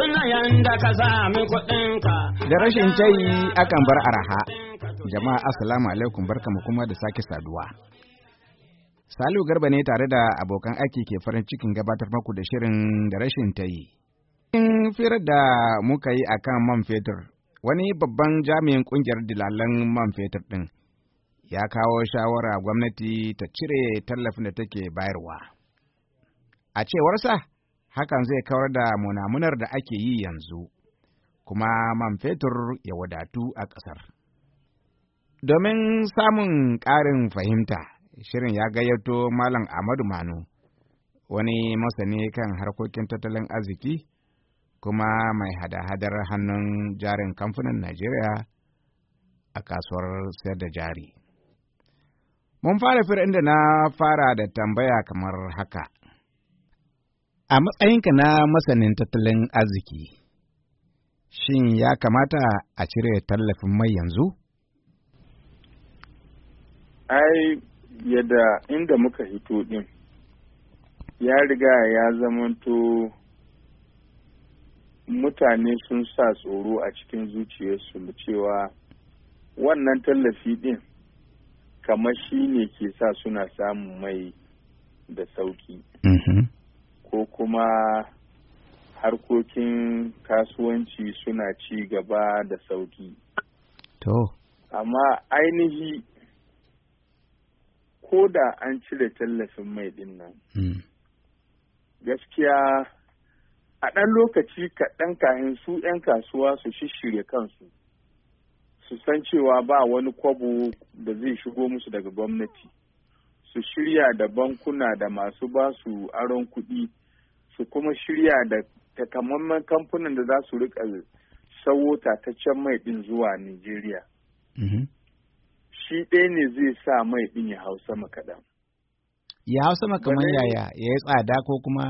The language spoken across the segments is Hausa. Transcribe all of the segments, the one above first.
ka sami kuɗinka. Da rashin jayi akan bar araha. Jama'a assalamu alaikum barkamu kuma da sake saduwa. Salihu Garba ne tare da abokan aiki ke farin cikin gabatar maku da shirin da rashin tayi. In firar da muka yi akan man fetur, wani babban jami'in ƙungiyar dilalan man fetur ɗin ya kawo shawara gwamnati ta cire tallafin da take bayarwa. A cewar sa? hakan zai kawar da munamunar da ake yi yanzu, kuma man fetur ya wadatu a ƙasar. Domin samun ƙarin fahimta, shirin ya gayyato Malam Ahmadu Manu, wani masani kan harkokin tattalin arziki, kuma mai hada-hadar hannun jarin kamfanin Najeriya a kasuwar sayar da jari. Mun fara firin da na fara da tambaya kamar haka. A matsayinka na masanin tattalin arziki, shin ya kamata a cire tallafin mai yanzu? Ai, yadda inda muka hito ɗin, ya riga ya zamanto mutane sun sa tsoro a cikin zuciyarsu da cewa wannan tallafi ɗin kamar shi ne ke sa suna samun mai da sauki. Mm-hmm. ko kuma harkokin kasuwanci suna ci gaba da sauki. To. Amma ainihi ko da an cire tallafin mai ɗin nan. Hmm. Gaskiya a ɗan lokaci kaɗan kahin su 'yan kasuwa su shishirya kansu su san cewa ba wani kwabo da zai shigo musu daga gwamnati su shirya da bankuna da masu basu aron kuɗi su kuma shirya da takamaiman kamfanin da za su rika sawo tataccen mai ɗin zuwa Nijeriya. Mhm. Shi ɗaya ne zai sa mai ɗin ya hau sama kaɗan. Ya hau sama kamar yaya, ya yi tsada ko kuma?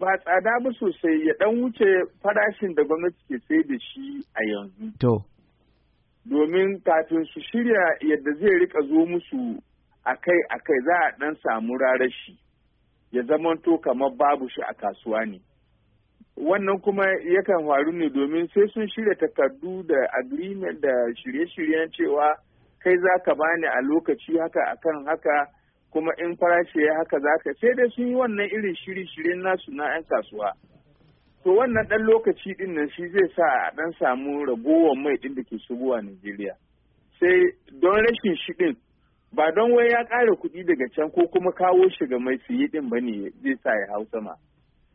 Ba tsada ba sosai, ya ɗan wuce farashin da gwamnati ke sai da shi a yanzu. To. Domin kafin su shirya yadda zai rika zo musu akai-akai za a ɗan samu rarashi. ya zamanto kamar babu shi a kasuwa ne wannan kuma yakan faru ne domin sai sun shirya takardu da agreement da shirye-shiryen cewa kai za ka bani a lokaci haka akan haka kuma in farashi ya haka za ka sai dai sun yi wannan irin shirye-shiryen nasu na 'yan kasuwa to wannan ɗan lokaci ɗin nan shi zai sa a ɗan samu ragowar mai ɗin da ke shigowa Najeriya sai don rashin shi ɗin ba don wai ya ƙara kuɗi daga can ko kuma kawo shi ga mai siyi ɗin ba ne zai sa ya hau sama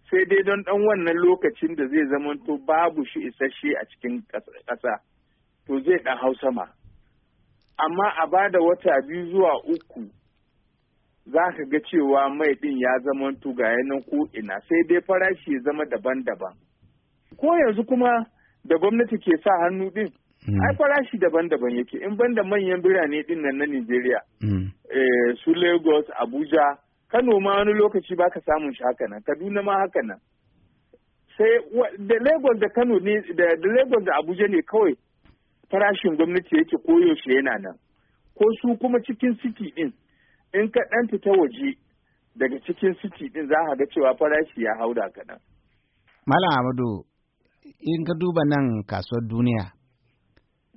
sai dai don ɗan wannan lokacin da zai zamanto babu shi isasshe a cikin ƙasa to zai ɗan hau sama amma a ba da wata biyu zuwa uku za ka ga cewa mai ɗin ya zamanto ga yanan ko ina sai dai farashi ya zama daban-daban ko yanzu kuma da gwamnati ke sa hannu ɗin Mm. ai farashi daban-daban yake in banda manyan birane din nan na Nigeria mm. eh, su Lagos Abuja Kano ma wani lokaci baka samun shi haka nan Kaduna ma haka nan sai da Lagos da Kano ne da Lagos da Abuja ne kawai farashin gwamnati yake koyaushe yana nan ko su kuma cikin city din in ka ta ta waje daga cikin city din za ka ga cewa farashi ya hau da kaɗan. Malam ahmadu in ka duba nan kasuwar duniya,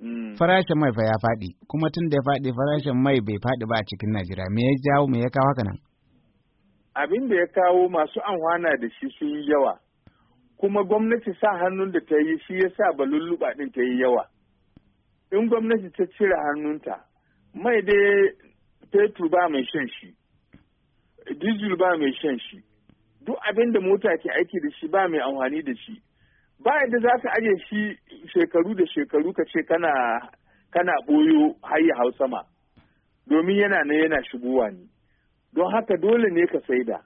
Mm. Farashin mai fa ya faɗi, kuma tun da ya faɗi farashin mai bai faɗi ba a cikin Najeriya. Me ya jawo me ya kawo haka nan? Abin da ya kawo masu amfana da shi sun yi yawa. Kuma gwamnati sa hannun da ta yi shi ya sa balulluɓa ɗin ta yi yawa. In gwamnati ta cire hannunta, mai dai fetur ba mai shan shi, diesel ba mai shan shi, duk abin da mota ke aiki da shi ba mai amfani da shi. ba yadda za ka aje shi shekaru da shekaru ka ce kana kana ɓoyo har ya hau sama domin yana na yana shigowa ne don haka dole ne ka saida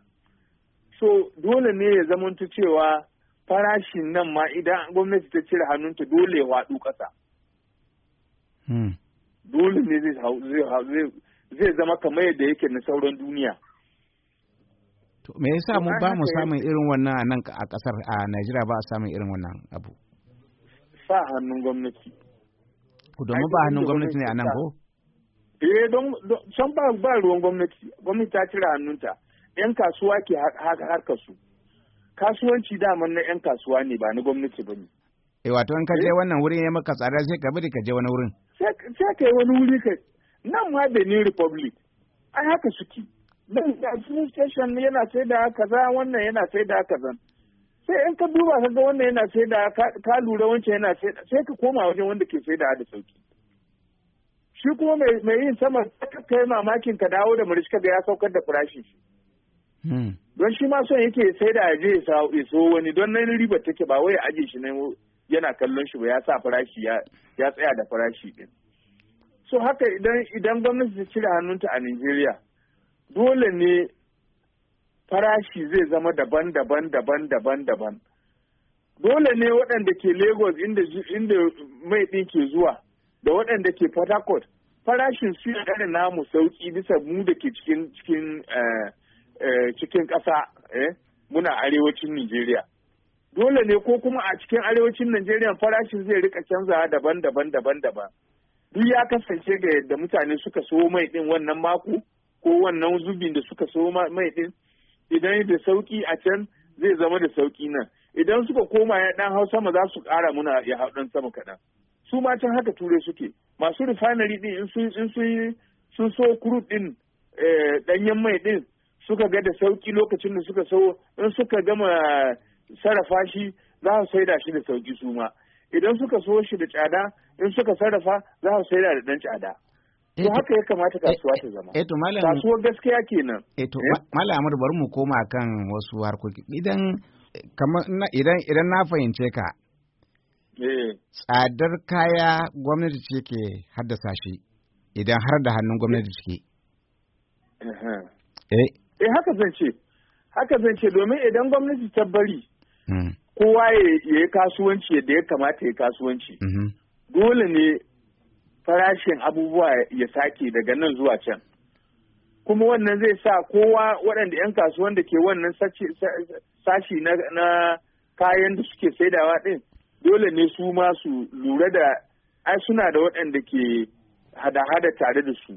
so dole ne ya zamanto cewa farashin nan ma idan gwamnati ta cire hannunta dole ya waɗu ƙasa hmm. dole ne zai zama kamar yadda yake na sauran duniya To me yasa mu ba mu samun irin wannan a nan a kasar a Najeriya ba a samun irin wannan abu? Sa hannun gwamnati. Ku domin ba hannun gwamnati ne a nan ko? Eh don san ba ba ruwan gwamnati, gwamnati ta cire hannunta. Yan kasuwa ke harkar su. Kasuwanci daman na yan kasuwa ne ba na gwamnati ba ne. Eh wato in ka je eh? wannan wurin ya maka tsada sai ka bari ka je wani wurin. Sai sai kai wani wuri kai. nan ma Benin Republic. Ai haka suke. don da yana sai da kaza wannan yana sai da kaza sai in ka duba ka ga wannan yana sai da ka lura wancan yana sai sai ka koma wajen wanda ke sai da da sauki shi kuma mai yin sama ka kai mamakin ka dawo da murishka da ya saukar da farashi shi hmm. don shi ma son yake sai da aje ya so wani don nan riba take ba wai aje shi ne yana kallon shi ba ya sa farashi ya tsaya da farashi din so haka idan gwamnati ta cire hannunta a nigeria. dole ne farashi zai zama daban-daban daban-daban daban dole ne waɗanda ke lagos inda mai ɗin ke zuwa da waɗanda ke port harcourt farashin su yana namu sauki bisa mu da ke cikin eh, eh, ƙasa eh, muna arewacin Nigeria. Dole ne ko kuma a cikin arewacin Nigeria farashin zai rika canzawa daban-daban daban-daban. Duk ya kasance ga yadda mutane suka so mai ɗin wannan mako ko wannan zubin da suka so mai din idan da sauki a can zai zama da sauki nan idan suka koma ya dan hausa ma za su ƙara muna ya hau dan sama kaɗan su ma can haka turai suke masu refinery din in sun sun sun so crude din danyen eh, mai din suka ga da sauki lokacin da suka so in suka gama sarrafa shi za su saida shi da sauki su ma idan suka so shi da tsada in suka sarrafa za su saida da ɗan tsada To haka ya kamata eh, kasuwa ta eh, zama. Eto eh, malam. Kasuwar gaskiya kenan. Eto malam Amadu bari mu koma kan wasu harkoki. Idan kamar idan idan na fahimce ka. Tsadar kaya gwamnati ce ke haddasa shi idan har da hannun gwamnati ciki. Eh. Eh haka zan ce. Haka zan ce domin idan gwamnati ta bari. Hmm. Kowa ya yi kasuwanci yadda ya kamata ya kasuwanci. Mm-hmm. Dole ne farashin abubuwa ya sake daga nan zuwa can kuma wannan zai sa kowa waɗanda 'yan kasuwan da ke wannan sashi na kayan da suke saidawa ɗin dole ne su ma su lura da ai suna da waɗanda ke hada-hada tare da su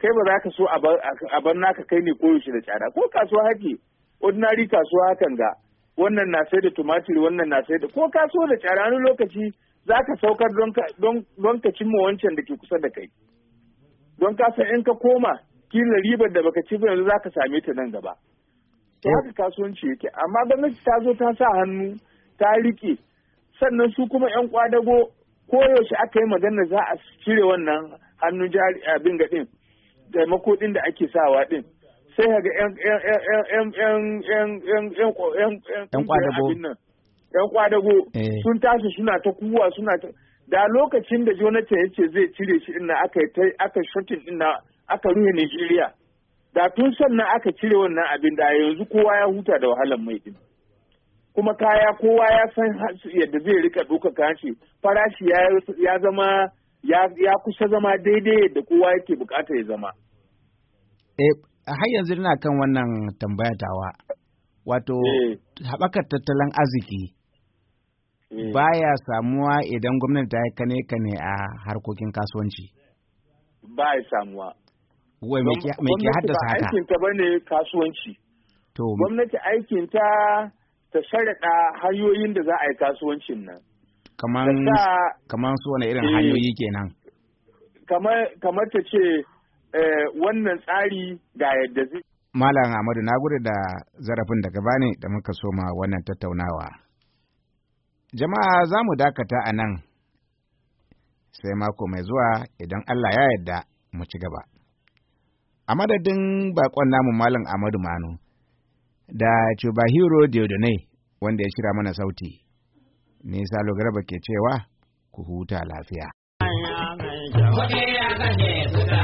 kai ba za ka so a bar naka kai ne koyaushe da tsada ko kasuwa hake ordinary kasuwa hakan ga wannan na sai da tumatir wannan na sai da ko kasuwa da tsada wani lokaci za ka saukar don ka cimma wancan da ke kusa da kai don ka san in ka koma kila ribar da baka ci yanzu za ka same ta nan gaba ta haka kasuwanci yake amma gwamnati ta zo ta sa hannu ta rike sannan su kuma yan kwadago koyaushe aka yi magana za a cire wannan hannun jari abin ga din taimako din da ake sawa din sai ga yan kwadago yan kwadago eh. sun tashi suna ta kuwa suna ta da lokacin da jonathan ya ce zai cire shi ina aka aka shotin ina aka ruhe nigeria da tun sannan aka cire wannan abin da yanzu kowa ya huta da wahalar mai din kuma kaya kowa ya san yadda zai rika doka kashi farashi ya zama ya kusa zama daidai yadda kowa yake bukata ya zama eh, har yanzu ina kan wannan tambaya tawa wato eh. haɓakar tattalin arziki Eh. baya samuwa idan gwamnati ta yi kane kane a harkokin kasuwanci ba ya samuwa wai mai ke haddasa haka aikin ta bane kasuwanci to gwamnati aikin ta ta sharaɗa hanyoyin da za a yi kasuwancin nan kaman kaman su wani irin hanyoyi eh. kenan kamar kamar ta ce eh, wannan tsari ga yadda zai Malam Ahmadu na gode da zarafin daga bani da muka soma wannan tattaunawa. Jama'a za mu dakata a nan, sai mako mai zuwa idan Allah ya yarda mu ci gaba. A madadin bakon namu Malam Amadu Manu da Cubahiro Deodone wanda ya shira mana sauti, ni Salo Garba ke cewa ku huta lafiya. Kuɗi ya kashe suka